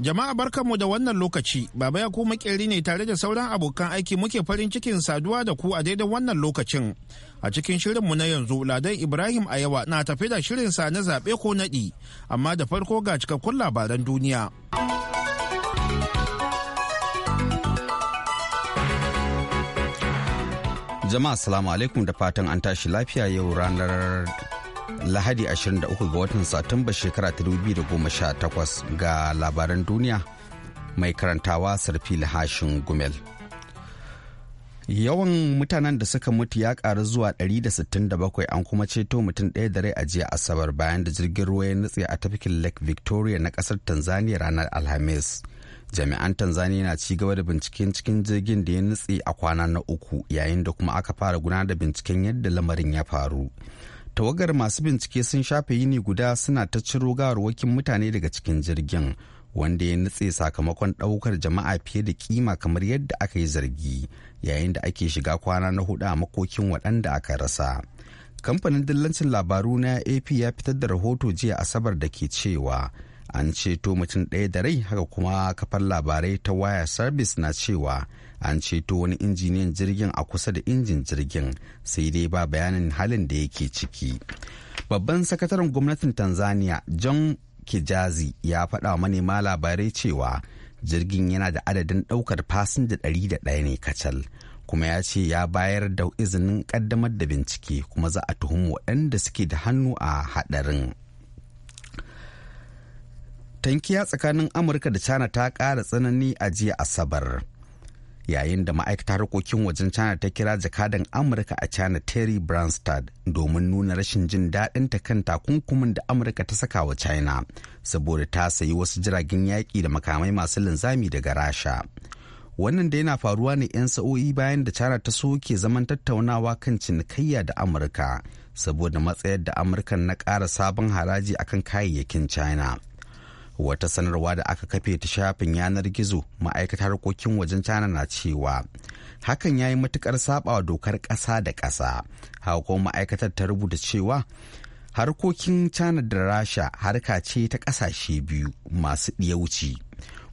Jama'a barkanmu da wannan lokaci, Baba ya kuma makeri ne tare da sauran abokan aiki muke farin cikin saduwa da ku a daidai wannan lokacin. A cikin shirin mu na yanzu, Ladan Ibrahim Ayawa na tafi da shirinsa na zaɓe ko naɗi, amma da farko ga cikakkun labaran duniya. Jama'a salamu alaikum da fatan an tashi lafiya yau ranar Lahadi 23 ga watan Satumba shekara 2018 ga labaran duniya mai karantawa Sarfil Hashin Gumel. Yawan mutanen da suka mutu ya karu zuwa 167 an kuma ceto mutum ɗaya da rai a jiya Asabar bayan da jirgin ruwa ya nutse a tafkin Lake Victoria na ƙasar Tanzania ranar Alhamis. jami'an tanzania na ci gaba da binciken cikin jirgin da ya nutse a kwana na uku yayin da kuma aka fara gudanar da binciken yadda lamarin ya faru tawagar masu bincike sun shafe yini guda suna ta ciro gawarwakin mutane daga cikin jirgin wanda ya nutse sakamakon daukar jama'a fiye da kima kamar yadda aka yi zargi yayin da ake shiga kwana na hudu a makokin waɗanda aka rasa kamfanin dillancin labaru na ap ya fitar da rahoto jiya asabar da ke cewa an ceto mutum ɗaya da rai haka kuma kafar labarai ta waya service na cewa an ceto wani injiniyan jirgin a kusa da injin jirgin sai dai ba bayanin halin da yake ciki babban sakataren gwamnatin tanzania john kijazi ya faɗa manema labarai cewa jirgin yana da adadin ɗaukar fasinja 101 ne kacal kuma ya ce ya bayar da izinin ƙaddamar da bincike kuma za a tuhumi waɗanda suke da hannu a haɗarin. tankiya tsakanin amurka da china ta ƙara tsanani a jiya asabar yayin da ma'aikatar harkokin wajen china ta kira jakadan amurka a china terry branstad domin nuna rashin jin daɗin ta kan takunkumin da amurka ta saka wa china saboda ta sayi wasu jiragen yaƙi da makamai masu linzami daga rasha wannan da yana faruwa ne 'yan sa'o'i bayan da china ta soke zaman tattaunawa kan cinikayya da amurka saboda matsayar da amurka na ƙara sabon haraji akan kayayyakin china wata sanarwa da aka kafe ta shafin yanar gizo Ma'aikata harkokin wajen cana na cewa hakan ya yi matukar sabawa dokar ƙasa da ƙasa haka ma'aikatar ta rubuta cewa harkokin china da rasha harka ce ta ƙasashe biyu masu ɗiyauci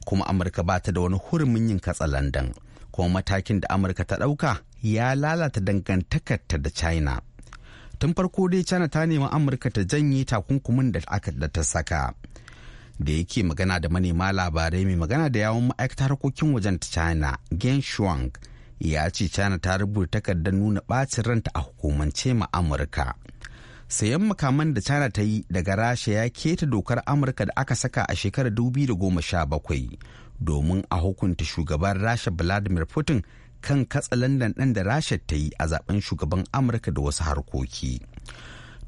kuma amurka ba ta da wani hurumin yin katsa Landan. kuma matakin da amurka ta ɗauka ya lalata dangantakarta da china tun farko dai china ta nemi amurka ta janye takunkumin da aka da ta saka da yake magana da manema labarai mai magana da yawon ma'aikata harkokin wajen ta china gen shuang ya ce china ta rubuta takardar nuna bacin ranta a hukumance ma amurka sayan makaman da china ta yi daga rasha ya keta dokar amurka da aka saka a shekarar 2017 domin a hukunta shugaban rasha vladimir putin kan katsa landan ɗin da rasha ta yi a zaben shugaban amurka da wasu harkoki.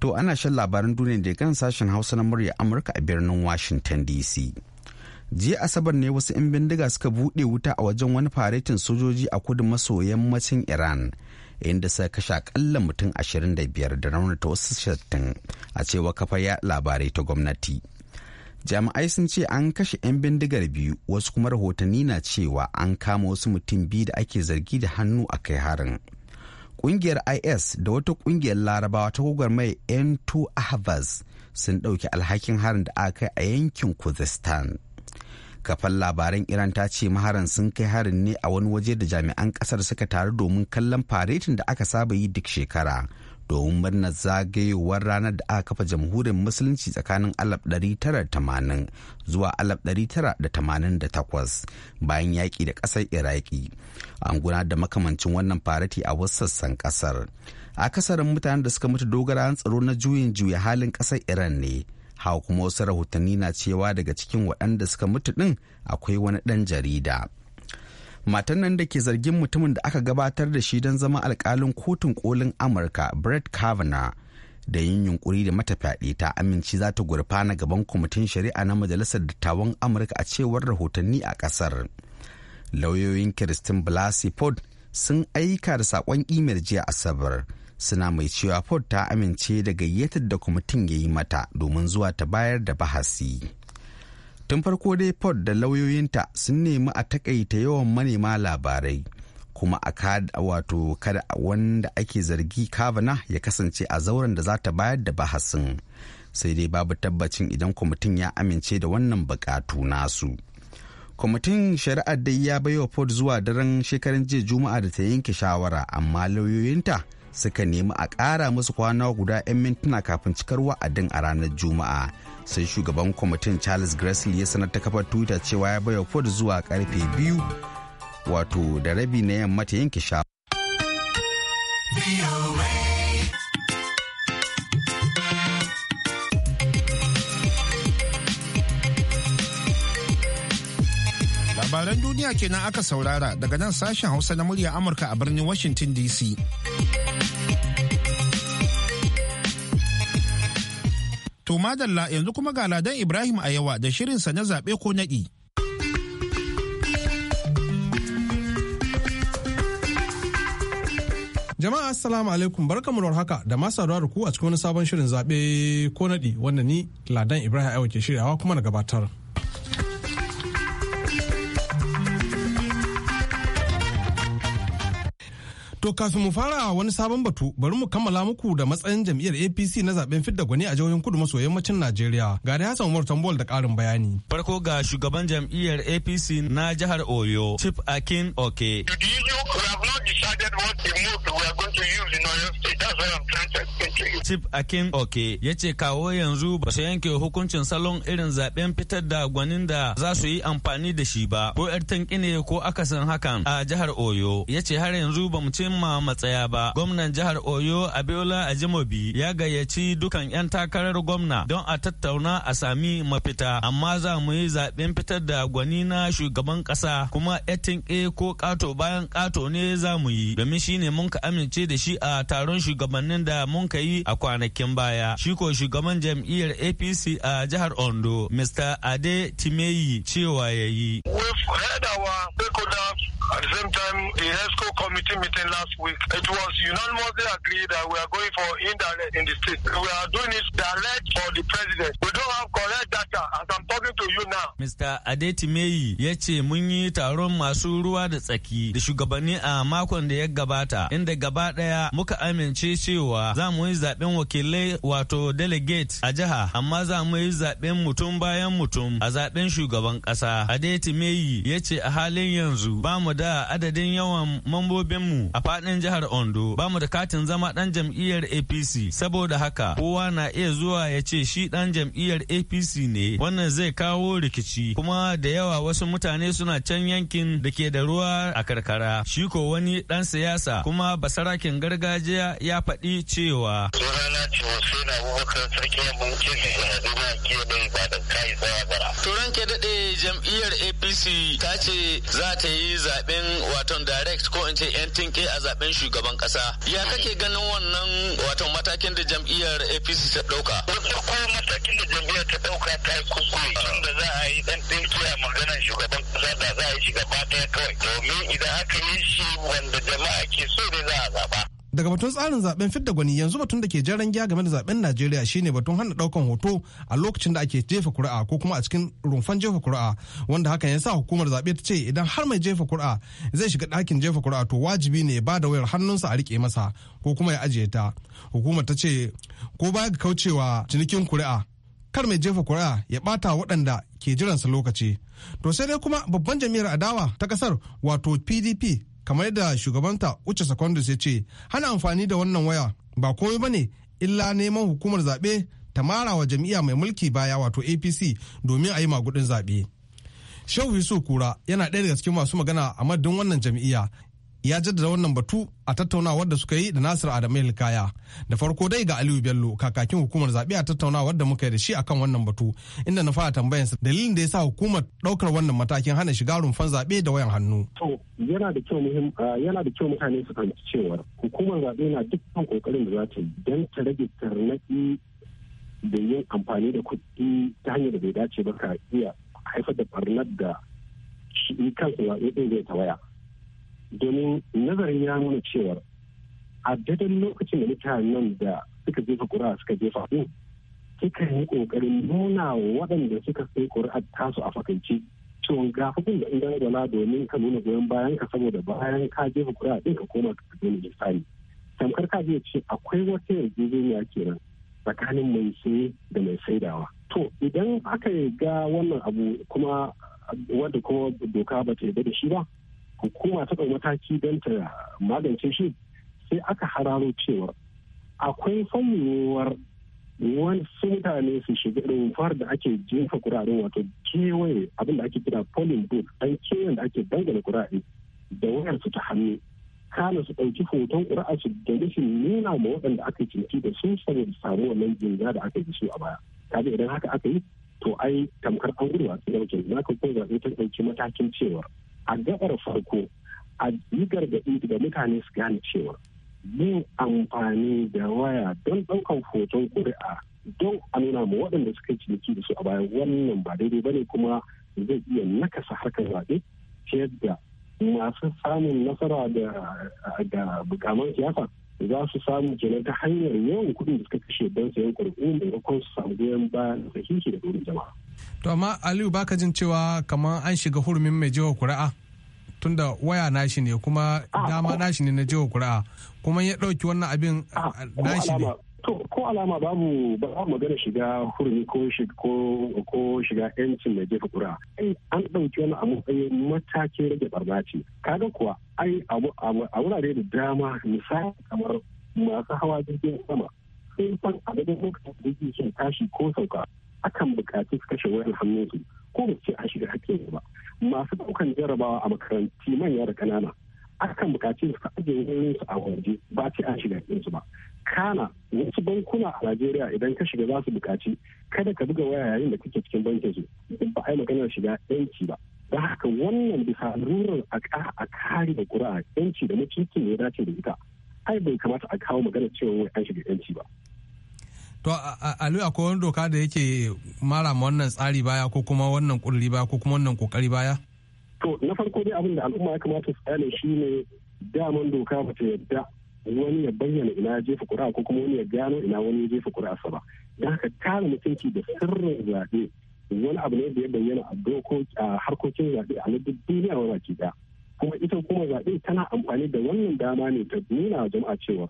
To ana shan labaran duniya da kan sashen Hausa na murya Amurka a birnin Washington DC. Jiya Asabar ne wasu 'yan bindiga suka buɗe wuta a wajen wani faretin sojoji a kudu maso yammacin Iran. inda suka kashe akalla mutum 25 da raunata wasu 60 a cewa kafar labarai ta gwamnati. jami'ai sun ce an kashe 'yan bindigar biyu wasu kuma rahotanni na cewa an kama wasu mutum biyu da ake zargi da hannu a kai harin kungiyar IS da wata kungiyar larabawa ta mai n 2 Ahvaz sun dauki alhakin harin da aka kai a yankin Kuzistan. kafan labaran iran ta ce maharan sun kai harin ne a wani waje da jami'an kasar suka taru domin kallon faretin da aka saba yi duk shekara domin murnar zagayowar ranar da aka kafa jamhuriyar musulunci tsakanin 1980 zuwa 1988 bayan yaƙi da ƙasar iraki an gudanar da makamancin wannan farati a wasu sassan ƙasar a kasarin mutanen da suka mutu dogara tsaro na juyin juya halin ƙasar iran ne hawa kuma wasu rahotanni na cewa daga cikin waɗanda suka mutu ɗin akwai wani ɗan jarida matan nan da ke zargin mutumin da aka gabatar da shi don zama alkalin kotun kolin amurka brett kavanaugh da yin yunkuri da mata fyaɗe ta amince za ta gurfana gaban kwamitin shari'a na majalisar dattawan amurka a cewar rahotanni a ƙasar lauyoyin kiristin blasi ford sun aika da saƙon imel jiya asabar suna mai cewa ford ta amince da gayyatar da kwamitin ya yi mata domin zuwa ta bayar da bahasi. tun farko dai ford da lauyoyinta sun nemi a takaita yawan manema labarai kuma a kada wato kada wanda ake zargi kavana ya kasance a zauren da za ta bayar da bahasin sai dai babu tabbacin idan kwamitin ya amince da wannan bukatu nasu kwamitin shari'ar dai ya baiwa ford zuwa daren shekaran jiya juma'a da ta yanke shawara amma lauyoyinta suka nemi a ƙara musu kwana guda 'yan mintuna kafin cikar wa'adin a ranar juma'a sai shugaban kwamitin charles grassley ya sanar ta kafar twitter cewa ya baiwa ford zuwa karfe biyu wato da rabi na yamma ta yanke sha labaran duniya kenan aka saurara daga nan sashen hausa na murya amurka a birnin washington dc To madalla yanzu kuma ga Ladan Ibrahim a yawa da shirinsa na zaɓe ko naɗi. Jama'a assalamu alaikum barkamu da haka da masu da ku a cikin wani sabon shirin zaɓe ko naɗi wanda ni Ladan Ibrahim Aiwa ke shiryawa kuma na gabatar. To kafin mu fara wani sabon batu bari mu kammala muku da matsayin jam'iyyar APC na zaben fidda gwani a jihohin kudu maso yammacin Najeriya. Ga da Hassan Umar Tambol da ƙarin bayani. Farko ga shugaban jam'iyyar APC na jihar Oyo, Chief Akin Oke. The issue, we have not decided what to move, we are going to use in Oyo State. That's Chief Akin Oke ya ce kawo yanzu ba su yanke hukuncin salon irin zaben fitar da gwanin da za su yi amfani da shi ba ko yar ne ko akasin hakan a jihar Oyo ya ce har yanzu ba mu cimma matsaya ba gwamnan jihar Oyo Abiola Ajimobi ya gayyaci dukan 'yan takarar gwamna don a tattauna a sami mafita amma za mu yi zaben fitar da gwani na shugaban kasa kuma yar e ko kato bayan kato ne za mu yi domin shi ne mun ka amince da shi a taron shugabannin da mun ka yi yi a kwanakin baya. Shi ko shugaban jam'iyyar APC a jihar Ondo, Mr. Ade Timeyi cewa ya yi. At the same time, the ESCO committee meeting last week, it was unanimously agreed that we are going for indirect in the state. We are doing it direct for the president. We don't have correct data as I'm happening to you Adetimeyi ya ce mun yi taron masu ruwa da tsaki da shugabanni a makon da ya gabata inda gaba daya muka amince cewa za mu yi zaben wakilai wato delegate a jiha amma za mu yi zaben mutum bayan mutum a zaben shugaban kasa. Adetimeyi ya ce a halin yanzu ba mu da adadin yawan mambobinmu a faɗin jihar Ondo ba mu da katin zama ɗan jam'iyyar APC saboda haka kowa na iya zuwa ya ce shi ɗan jam'iyyar APC ne wannan zai kawo rikici kuma da yawa wasu mutane suna can yankin da ke da ruwa a karkara shi ko wani dan siyasa kuma basarakin gargajiya ya faɗi cewa turan ke daɗe jam'iyyar apc ta ce za ta yi zaɓen waton direct ko in ce yan tinke a zaɓen shugaban kasa ya kake ganin wannan waton matakin da jam'iyyar apc ta ɗauka ko matakin da jam'iyyar ta ɗauka ta yi kuskure lokacin da za a yi dan a maganar shugaban kasa da za a yi shiga ta kawai domin idan aka yi shi wanda jama'a ke so ne za a zaba. daga batun tsarin zaben fidda gwani yanzu batun da ke jaran gya game da zaben najeriya shine batun hana daukan hoto a lokacin da ake jefa kuri'a ko kuma a cikin rumfan jefa kuri'a wanda hakan ya sa hukumar zaɓe ta ce idan har mai jefa kuri'a zai shiga dakin jefa kuri'a to wajibi ne ya ba da wayar hannunsa a rike masa ko kuma ya ajiye ta hukumar ta ce ko baya ga kaucewa cinikin kuri'a kar mai jefa kuri'a ya bata waɗanda ke jiransa lokaci to sai dai kuma babban jami'ar adawa ta kasar wato pdp kamar yadda shugabanta wuce secondus ya ce hana amfani da wannan waya ba komai ne illa neman hukumar zaɓe ta mara wa jam'iyya mai mulki baya wato apc domin a yi magudin zaɓe shehu yusuf kura yana ɗaya daga cikin masu magana a madadin wannan jam'iyya ya jaddada wannan batu a tattaunawar da suka yi da Nasir Adamu Hilkaya. Da farko dai ga Aliyu Bello kakakin hukumar zaɓe a tattaunawar da muka yi da shi akan wannan batu inda na fara sa dalilin da ya sa hukumar ɗaukar wannan matakin hana shiga rumfan zaɓe da wayan hannu. To yana da kyau muhim yana da kyau mutane su fahimci cewa hukumar zaɓe na dukkan kokarin da za ta yi don ta rage tarnaƙi da yin amfani da kuɗi ta hanyar da bai dace ba ka iya haifar da barnar da shi kansa zaɓe ɗin zai tawaya. domin nazarin ya nuna cewa a daidai lokacin da mutanen da suka jefa kura suka jefa abin suka yi ƙoƙarin nuna waɗanda suka sai ƙuri'a tasu a fakanci cewa gafafin da in gwala domin ka nuna goyon bayan ka saboda bayan ka jefa kura ɗin ka koma ka ne misali tamkar ka je ce akwai wata yarjejeniya kenan tsakanin mai saye da mai saidawa to idan aka ga wannan abu kuma wanda kuma doka ba ta yarda da shi ba hukuma ta ɗau mataki don ta magance shi sai aka hararo cewar akwai fanyewar wasu mutane su shiga rumfar da ake jefa kuraren wato kewaye abin da ake kira polling booth dan kewayen da ake dangane kurare da wayar su ta hannu kana su ɗauki hoton ƙuri'a su da nufin nuna ma waɗanda aka cinci da su saboda samu wannan jinga da aka yi su a baya kaga idan haka aka yi to ai tamkar an gudu a cikin wajen na kan kuma zaɓe ta ɗauki matakin cewar a gabar farko a yi gargaɗi da mutane su gane cewa yin amfani da waya don ɗaukan hoton ƙuri'a don a nuna ma waɗanda suka yi ciniki da su a baya wannan ba daidai ba ne kuma zai iya nakasa harkar zaɓe ta yadda masu samun nasara da bukaman siyasa za su samu kenan ta hanyar yawan kuɗin da suka kashe don sayan ƙuri'u maimakon su samu goyon bayan sahihi da domin jama'a. to amma aliyu baka jin cewa kamar an shiga hurumin mai jiwa kura'a tunda waya nashi ne kuma ah, dama nashi ne na jiwa kura'a kuma ya ɗauki wannan abin ah, ah, nashi ne ko alama babu ba magana shiga hurumi ko ko shiga yancin mai jefa kura an ɗauki wani a matsayin matakin rage barbaci. ka kaga kuwa ai a wurare da dama misali kamar masu hawa jirgin sama sun san adadin lokacin da yake son tashi ko sauka akan bukaci su kashe wayan su ko ba ce a shiga hakkinsu ba masu daukan jarabawa a makaranti manya da kanana akan bukaci su ajiye su a waje ba ce a shiga su ba kana wasu bankuna a Najeriya idan ka shiga za su bukaci kada ka buga waya yayin da kake cikin bankin su duk ba a yi maganar shiga yanki ba da haka wannan bisa rurar a kare da ƙuri'a yanci da ne ya dace da ita ai bai kamata a kawo maganar cewa wai an shiga yanci ba to aliyu akwai wani doka da yake mara ma wannan tsari baya ko kuma wannan kurli baya ko kuma wannan kokari baya to na farko dai abin da al'umma ya kamata su tsane ne daman doka ba ta yadda wani ya bayyana ina jefa kura ko kuma wani ya gano ina wani ya jefa sa ba don haka kare mutunci da sirrin zaɓe wani abu ne da ya bayyana a harkokin zaɓe a na duniya wa baki ɗaya kuma ita kuma zaɓe tana amfani da wannan dama ne ta nuna jama'a cewa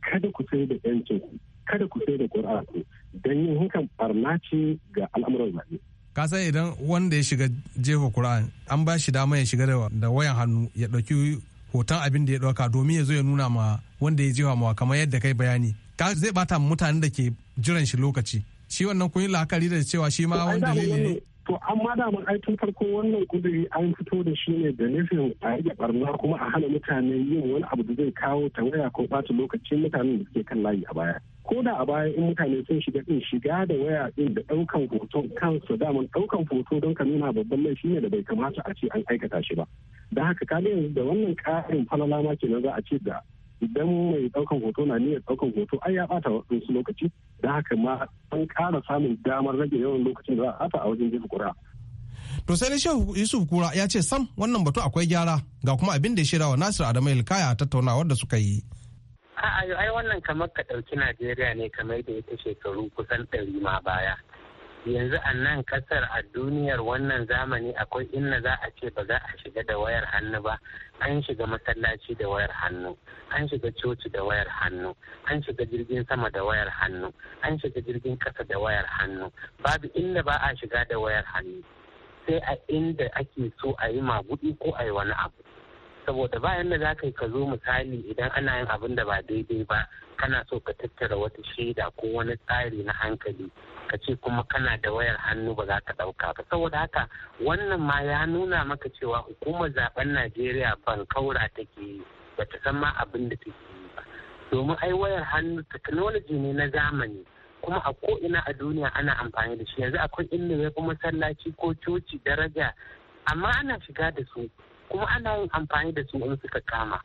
kada ku sai da yancin ku kada ku sai da ƙuri'a ku don yin hakan barna ce ga al'amuran zaɓe. ka san idan wanda ya shiga jefa kur'an an ba shi dama ya shiga da wayan hannu ya ɗauki hoton abin da ya ɗauka domin ya zo ya nuna ma wanda ya jefa mawa kamar yadda kai bayani ka zai bata mutanen da ke jiran shi lokaci shi wannan kun yi la'akari da cewa shi ma wanda ya ne to amma da mun aikin farko wannan kuduri an fito da shi ne da nufin a yi barna kuma a hana mutane yin wani abu da zai kawo tawaya ko bata lokacin mutanen da suke kan layi a baya ko da a baya in mutane sun shiga din shiga da waya din da daukan hoto kansu daman daukan hoto don ka nuna babban laifi ne da bai kamata a ce an aikata shi ba da haka kaga yanzu da wannan karin falala ma kenan za a ce da idan mai daukan hoto na niyyar daukan hoto ai ya bata wasu lokaci da haka ma an kara samun damar rage yawan lokacin da za a a wajen jefa kura to sai dai shehu yusuf kura ya ce sam wannan batu akwai gyara ga kuma abin da ya shirya wa nasir adamu ilkaya a tattaunawar da suka yi. a'a ai wannan kamar ka ɗauki najeriya ne kamar da ita shekaru kusan ɗari ma baya yanzu a nan kasar a duniyar wannan zamani akwai inna za a ce ba za a shiga da wayar hannu ba an shiga masallaci da wayar hannu an shiga coci da wayar hannu an shiga jirgin sama da wayar hannu an shiga jirgin kasa da wayar hannu babu inda ba a shiga da wayar hannu sai a inda ake so a yi magudi ko a yi wani abu saboda bayan da za ka yi ka zo misali idan ana yin abin da ba daidai ba kana so ka tattara wata shaida ko wani tsari na hankali ka ce kuma kana da wayar hannu ba za ka ɗauka ba saboda haka wannan ma ya nuna maka cewa hukumar zaben najeriya ban kaura take yi ba ta san ma abin da take yi ba domin ai wayar hannu technology ne na zamani kuma a ko ina a duniya ana amfani da shi yanzu akwai inda ya fi masallaci ko coci daraja amma ana shiga da su kuma ana yin amfani da su in suka kama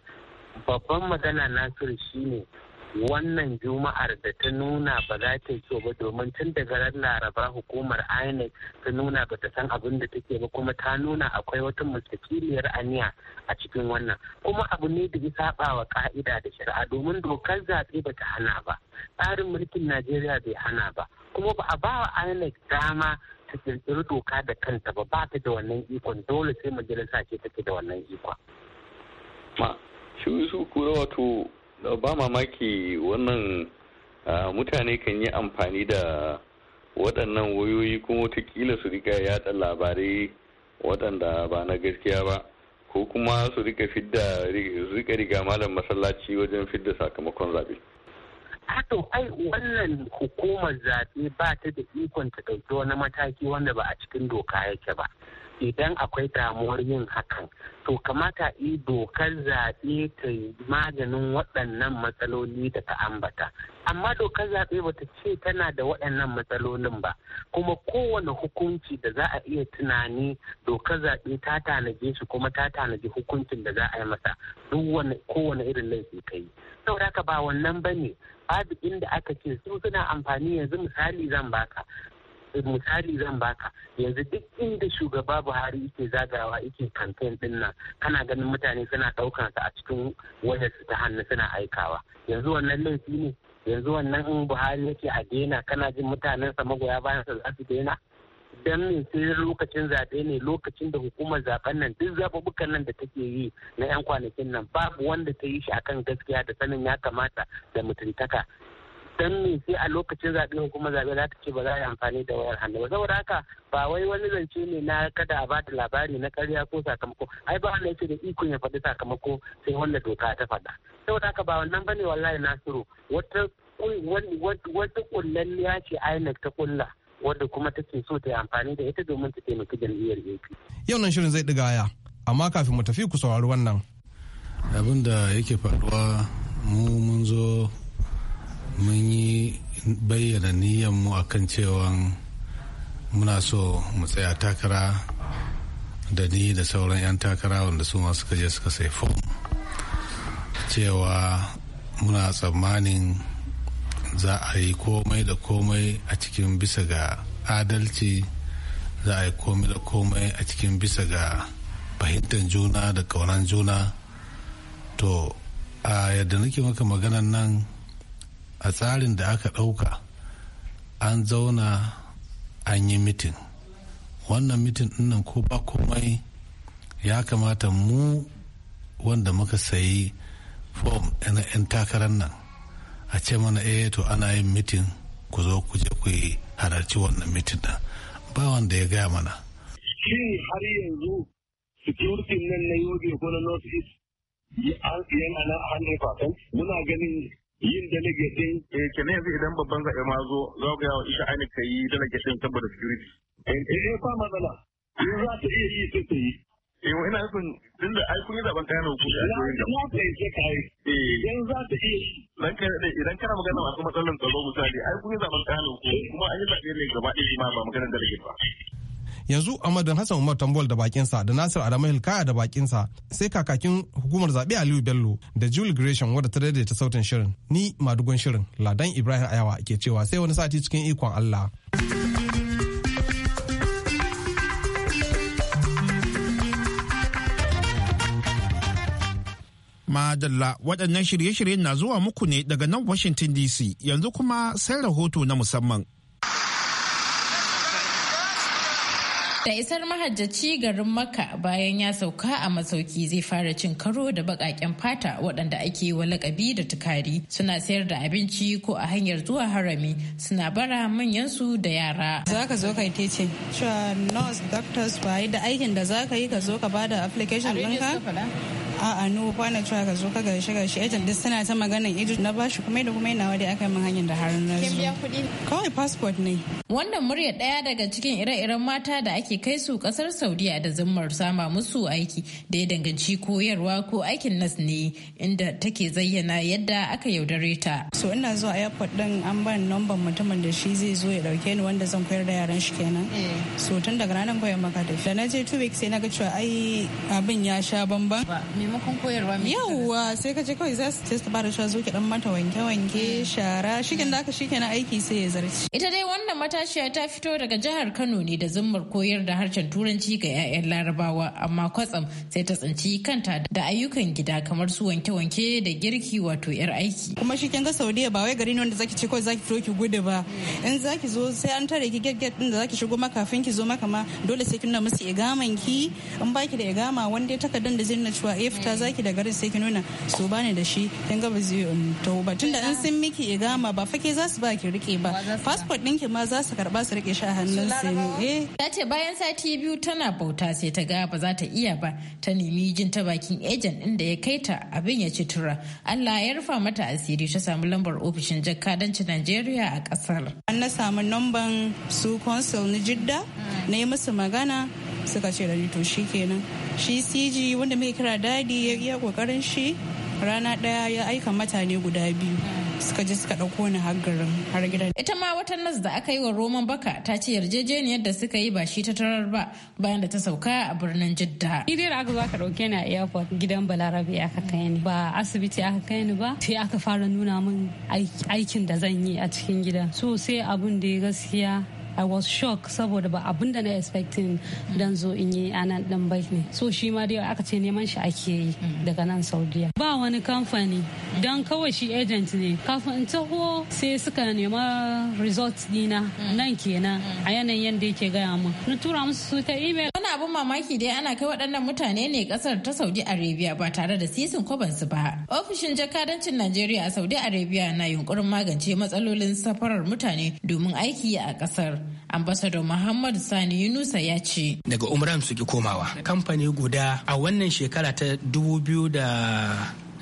babban magana nasiru shine wannan juma'ar da ta nuna ba za ta yi ba domin tun daga ran laraba hukumar inec ta nuna ba ta san abin da take ba kuma ta nuna akwai wata mustakiliyar aniya a cikin wannan kuma abu ne da ya saba wa ka'ida da shari'a domin dokar zaɓe ba ta hana ba tsarin mulkin najeriya bai hana ba kuma ba a ba wa inec dama ta kirkiri doka da kanta ba ba ta da wannan ikon dole sai majalisa ce take da wannan ikon. ma shi su kura wato ba mamaki wannan mutane kan yi amfani da waɗannan wayoyi kuma watakila su rika yatsa labarai waɗanda ba na gaskiya ba ko kuma su rika fidda rika riga malam masallaci wajen fidda sakamakon zaɓe. Hato ai wannan hukumar zaɓe ba ta da ikon ta ɗauki wani mataki wanda ba a cikin doka yake ba. idan akwai damuwar yin hakan to kamata yi dokar zaɓe ta maganin waɗannan matsaloli da ta ambata amma dokar zaɓe bata ce tana da waɗannan matsalolin ba kuma kowane hukunci da za a iya tunani dokar zaɓe ta tanaje shi kuma ta tanaji hukuncin da za a yi masa duk kowane irin laifi ka yi saboda haka ba wannan ba ne babu inda aka ce su suna amfani yanzu misali zan baka misali zan baka yanzu duk inda shugaba buhari yake zagawa yake kamfen din nan kana ganin mutane suna daukan sa a cikin wayarsu su ta hannu suna aikawa yanzu wannan laifi ne yanzu wannan in buhari yake a daina kana jin mutanen sa magoya bayan sa za su daina dan me sai lokacin zaɓe ne lokacin da hukumar zaben nan duk zaɓuɓɓukan nan da take yi na 'yan kwanakin nan babu wanda ta yi shi akan gaskiya da sanin ya kamata da mutuntaka dan me sai a lokacin zaɓe hukumar zaɓe za ta ce ba za a yi amfani da wayar hannu ba saboda haka ba wai wani zance ne na kada a ba da labari na karya ko sakamako ai ba wanda yake da ikon ya faɗi sakamako sai wanda doka ta faɗa saboda haka ba wannan bane wallahi nasiru wata wata kullan ya ce INEC ta kulla wadda kuma take so ta yi amfani da ita domin ta taimaki jam'iyyar AP. Yau nan shirin zai ɗiga aya amma kafin mu tafi ku saurari wannan. Abin yake faɗuwa mu mun zo mun yi bayyana niyyar a kan cewa muna so mu tsaya takara da ni da sauran 'yan takara wanda su masu suka je suka sai fom cewa muna tsammanin za a yi komai da komai a cikin bisa ga adalci za a yi komai da komai a cikin bisa ga fahimtar juna da kaunan juna to a yadda nake maka maganan nan a tsarin da aka ɗauka an zauna an yi mitin wannan mitin nan ko ba komai ya kamata mu wanda muka sayi fom ɗana 'yan takarar nan a ce mana eh to ana yin mitin ku zo ku je ku yi halarci wannan mitin ɗin ba wanda ya gaya mana shi har yanzu security nan na yobe ko na north east na nan fatan muna ganin yin delegate din eh yanzu idan babban zaɓe ma zo za ku yawo isha ainihin ka yi delegate din saboda security eh eh fa eh, matsala in za ta iya yi sai ta yi eh, ina nufin tun da ai kun yi zaɓen kayan hukumi a cikin da ta yi sai eh. za ta iya yi dan idan kana magana masu matsalan tsaro misali ai kun yi zaɓen kayan hukumi kuma an yi zaɓe ne gaba ɗaya ma ba maganar delegate ba yanzu amadan hassan umar tambol da bakinsa da nasir adama hilkaya da bakinsa sai kakakin hukumar zaɓe aliyu bello da julie gresham wadda ta daidaita sautin shirin ni madugon shirin ladan ibrahim ayawa ke cewa sai wani sati cikin ikon allah Madalla waɗannan shirye-shiryen na zuwa muku ne daga nan Washington DC yanzu kuma sai rahoto na musamman. Da isar mahajjaci garin Makka bayan ya sauka a masauki zai fara cin karo da baƙaƙen fata waɗanda ake wa lakabi da tukari suna sayar da abinci ko a hanyar zuwa harami suna bara manyansu da yara. Za ka zo ka yi cewa nurse, doctors, ba da aikin da za ka yi ka zo ka bada application ɗinka. a'a a ba cewa ka zo ka gaishe gaishe ejan duk suna ta maganan ido na bashi kuma da kuma yana wadda aka yi min hanyar da har na kawai passport ne wannan murya daya daga cikin ire-iren mata da ake kai su kasar Saudiya da zimmar sama musu aiki da ya danganci koyarwa ko aikin nas ne inda take zayyana yadda aka yaudare ta so ina zuwa airport din an ban number mutumin da shi zai zo ya dauke ni wanda zan koyar da yaran shi kenan eh. so tun daga ranar bayan maka da na je two weeks sai na ga cewa ai abin ya sha bamban maimakon koyarwa mai yawwa sai ka je kawai za su ce su bada cewa zo zuke dan mata wanke wanke shara shikin da aka shike na aiki sai ya zarce ita dai wannan matashiya ta fito daga jihar Kano ne da zummar koyar da harshen turanci ga 'ya'yan larabawa amma kwatsam sai ta tsinci kanta da ayyukan gida kamar su wanke wanke da girki wato yar aiki kuma shikin ga Saudiya ba wai gari ne wanda zaki ce kawai zaki fito ki gudu ba in zaki zo sai an tare ki gaggat din da zaki shigo makafin ki zo maka ma dole sai kin na musu igaman ki in baki da igama wanda ya takardar da zai na cewa eh fita zaki da garin sai ki nuna su bani da shi dan ga ba zai tawo ba tunda in sun miki igama ba fake za su ba ki rike ba passport ɗinki ma za su karba su rike shi a hannun su ne eh. ta ce bayan sati biyu tana bauta sai ta ga ba za ta iya ba ta nemi jin ta bakin agent ɗin da ya kai ta abin ya ci tura Allah ya rufa mata asiri ta samu lambar ofishin jakadancin Najeriya a kasar an na samu namban su consul na Jidda mm. na yi musu magana suka ce da to shikenan shi cg wanda mai kira dadi ya iya kokarin shi rana daya ya aika mutane guda biyu suka je suka ɗauko ni har garin har gidan. Ita ma wata nas da aka yi wa Roman Baka ta ce yarjejeniyar da suka yi ba shi ta tarar ba bayan da ta sauka a birnin Jidda. Ni da aka zo aka dauke ni a airport gidan Balarabe aka kai ni ba asibiti aka kai ni ba sai aka fara nuna min aikin da zan yi a cikin gida. So sai abun da gaskiya i was shocked saboda ba abin da na expecting dan zo in yi anan dan bai ne so shi ma dai aka ce neman shi ake yi daga nan saudiya ba wani kamfani dan kawai shi agent ne kafin taho sai suka nema results dina nan kenan a yanayin yadda yake gaya mun. na tura musu su ta email wani abin mamaki dai ana kai waɗannan mutane ne kasar ta saudi arabia ba tare da sisin su ba ofishin jakadancin najeriya a saudi arabia na yunkurin magance matsalolin safarar mutane domin aiki a ƙasar. ambassador muhammad sani yunusa ya ce daga umran suke komawa kamfani guda a wannan shekara ta biyu da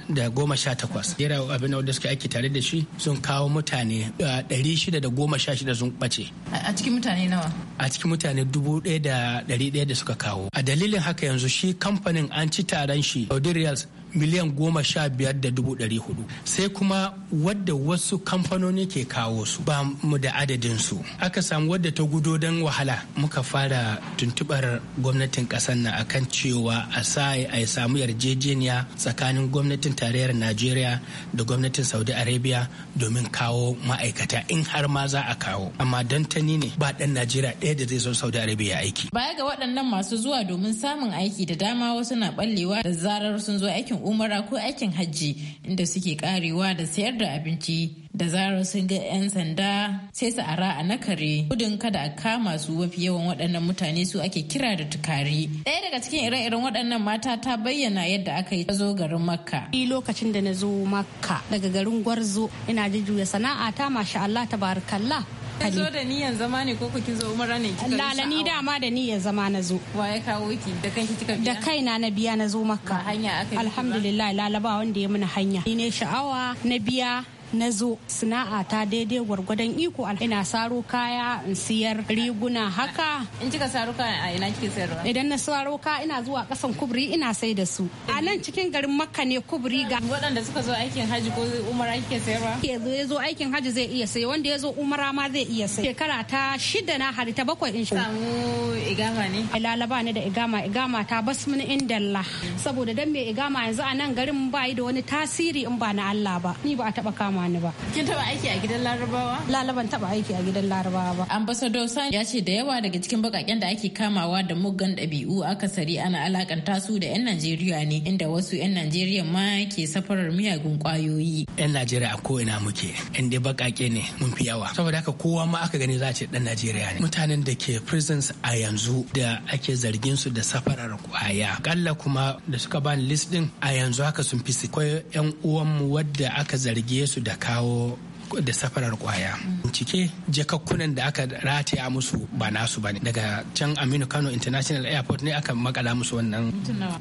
da goma sha takwas jera abin da suke aiki tare da shi sun kawo mutane ɗari shida da goma sha shida sun ɓace a cikin mutane nawa a cikin mutane dubu ɗaya da ɗari ɗaya da suka kawo a dalilin haka yanzu shi kamfanin an ci taron shi Reals, miliyan goma sha biyar da dubu ɗari hudu sai kuma wadda wasu kamfanoni ke kawo su ba mu da adadin su aka samu wadda ta gudo don wahala muka fara tuntubar gwamnatin ƙasar na akan cewa a sa a samu yarjejeniya tsakanin gwamnatin tarayyar najeriya da gwamnatin saudi arabia domin kawo ma'aikata in har ma za a kawo amma don ta ne ba ɗan najeriya ɗaya da zai zo saudi arabia aiki baya ga waɗannan masu zuwa domin samun aiki da dama wasu na ɓallewa da zarar sun zo aikin umara ko aikin hajji inda suke karewa da sayar da abinci da zarar sun ga 'yan sanda sai su ara a na kare. gudun kada a kama su wafi yawan waɗannan mutane su ake kira da tukari ɗaya daga cikin ire-iren waɗannan mata ta bayyana yadda aka yi zo garin makka ni lokacin da na zo makka daga garin gwarzo ina jujjuya sana'a ta masha allah ta tabarakallah Kin zo da niyan zama ne ko kin zo umara ne kika ni dama da niyan zama na zo. Wa ya kawo ki da kanki kika biya? Da kaina na biya na zo Makka. Ba hanya aka Alhamdulillah Lala ba wanda ya mana hanya. Ni ne sha'awa na biya na zo sana'a ta daidai gwargwadon iko ina saro kaya in siyar riguna haka in kika saro kaya a ina kike sayarwa idan na saro kaya ina zuwa kasan kubri ina sai da su a nan cikin garin makka ne kubri ga waɗanda suka zo aikin haji ko umara kike sayarwa ya zo aikin haji zai iya sayi wanda ya zo umara ma zai iya sayi shekara ta shida na hari ta bakwai in samu igama ne lalaba ne da igama igama ta min indalla saboda dan me igama yanzu a nan garin ba yi da wani tasiri in ba na Allah ba ni ba a taba kama ba. Kin taba aiki a gidan Larabawa? Lalaban taba aiki a gidan Larabawa ba. Ambassador San ya ce da yawa daga cikin bakaken da ake kamawa da muggan ɗabi'u akasari ana alakanta su da 'yan Najeriya ne inda wasu 'yan Najeriya ma ke safarar miyagun kwayoyi. 'Yan Najeriya a ko'ina muke, In dai bakake ne mun fi yawa. Saboda haka kowa ma aka gani za a ce ɗan Najeriya ne. Mutanen da ke prisons a yanzu da ake zargin su da safarar kwaya. Kalla kuma da suka bani list din a yanzu haka sun fi su. Akwai 'yan uwanmu wadda aka zarge su da da kawo da safarar kwaya. Cike jakakkunan da aka rataya musu ba nasu ba ne. Daga can Aminu Kano International Airport ne aka makala musu wannan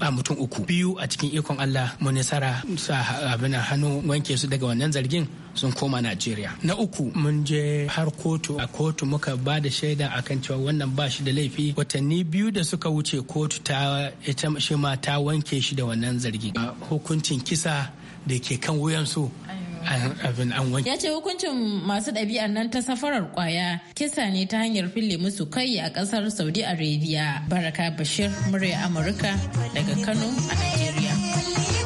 a mutum uku. Biyu a cikin ikon Allah Munisara sa abin hannu wanke su daga wannan zargin sun koma Najeriya. Na uku mun je har kotu a kotu muka ba da shaida akan cewa wannan ba shi da laifi. Watanni biyu da suka wuce kotu ta ita shi ma ta wanke shi da wannan zargi. Hukuncin kisa da ke kan wuyansu. abin an wanke. Ya ce hukuncin masu ɗabi'ar nan ta safarar kwaya kisa ne ta hanyar fille musu kai a ƙasar Saudi Arabia. Baraka Bashir, murya Amurka daga Kano a Najeriya.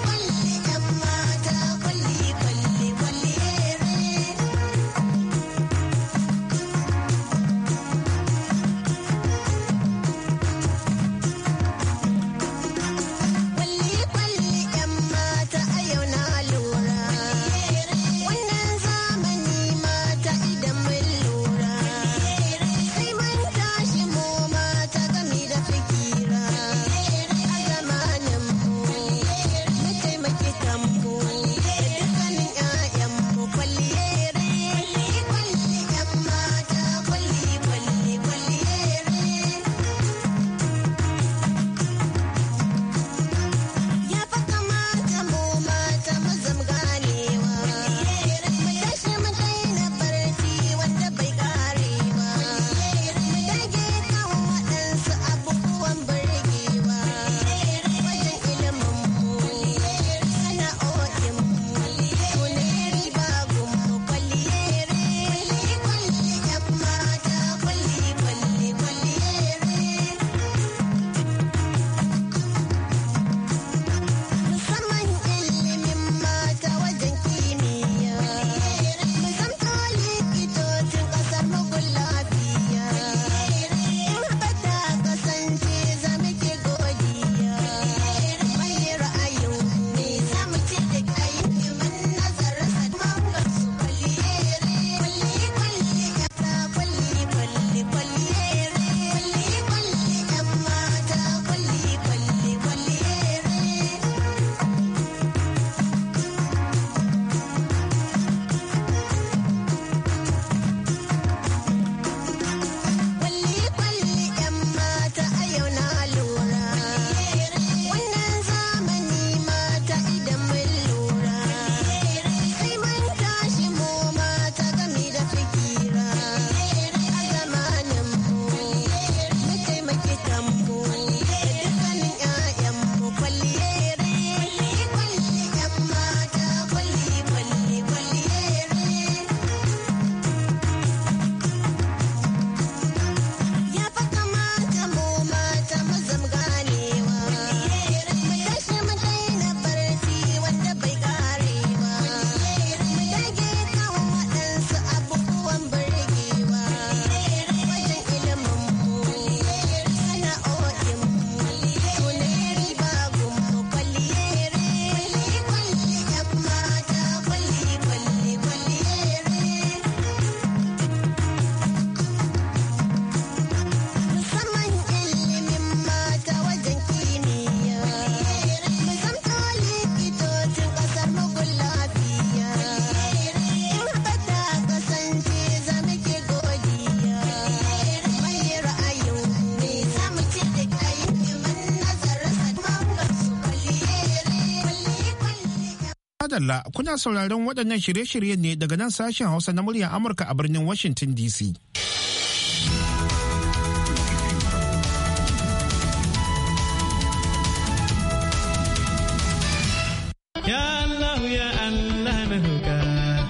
Madalla kuna sauraron waɗannan shirye-shirye ne daga nan sashen Hausa na muryar Amurka a birnin Washington DC.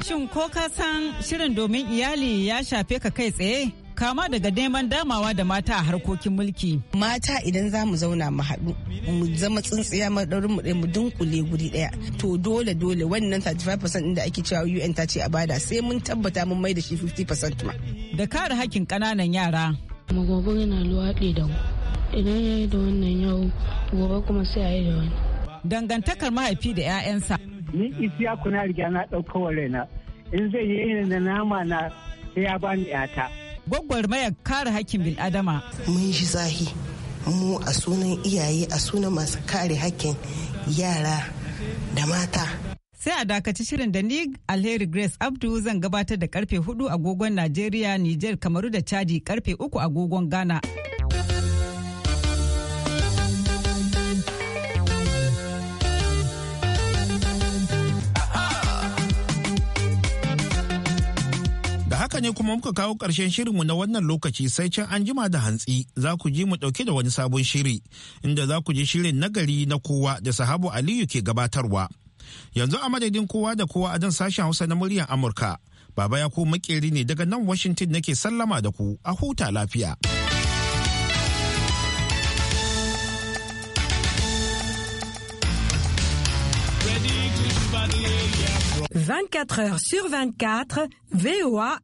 Shin ko ka san shirin domin iyali ya shafe ka kai tsaye? kama daga neman damawa da mata a harkokin mulki. Mata idan za mu zauna mu haɗu mu zama tsintsiya ɗaurin mu mu dunkule guri ɗaya to dole dole wannan 35% da ake cewa UN ta ce a bada sai mun tabbata mun mai da shi 50% ma. Da kare hakkin ƙananan yara. Magogo yana luwaɗe da idan ya yi da wannan yau gobe kuma sai a yi da wani. Dangantakar mahaifi da 'ya'yansa. Ni isiya kuna riga na ɗaukawar raina in zai yi da nama na sai ya bani 'yata. gwagwarmayar kare hakkin adama. Mun shi zahi mu a sunan iyaye a sunan masu kare hakkin yara da mata. Sai a dakaci shirin da ni Alheri Grace Abdu zan gabatar da karfe 4 agogon Najeriya, niger Kamaru da Chadi karfe 3 agogon Ghana. haka ne kuma muka kawo ƙarshen shirinmu na wannan lokaci sai can an jima da hantsi za ku ji mu ɗauke da wani sabon shiri inda za ku ji shirin nagari na kowa da sahabu aliyu ke gabatarwa yanzu a madadin kowa da kowa a dan sashen hausa na muryar amurka baba ya ku makeri ne daga nan washington nake sallama da ku a huta lafiya. Vingt-quatre heures sur vingt-quatre, VOA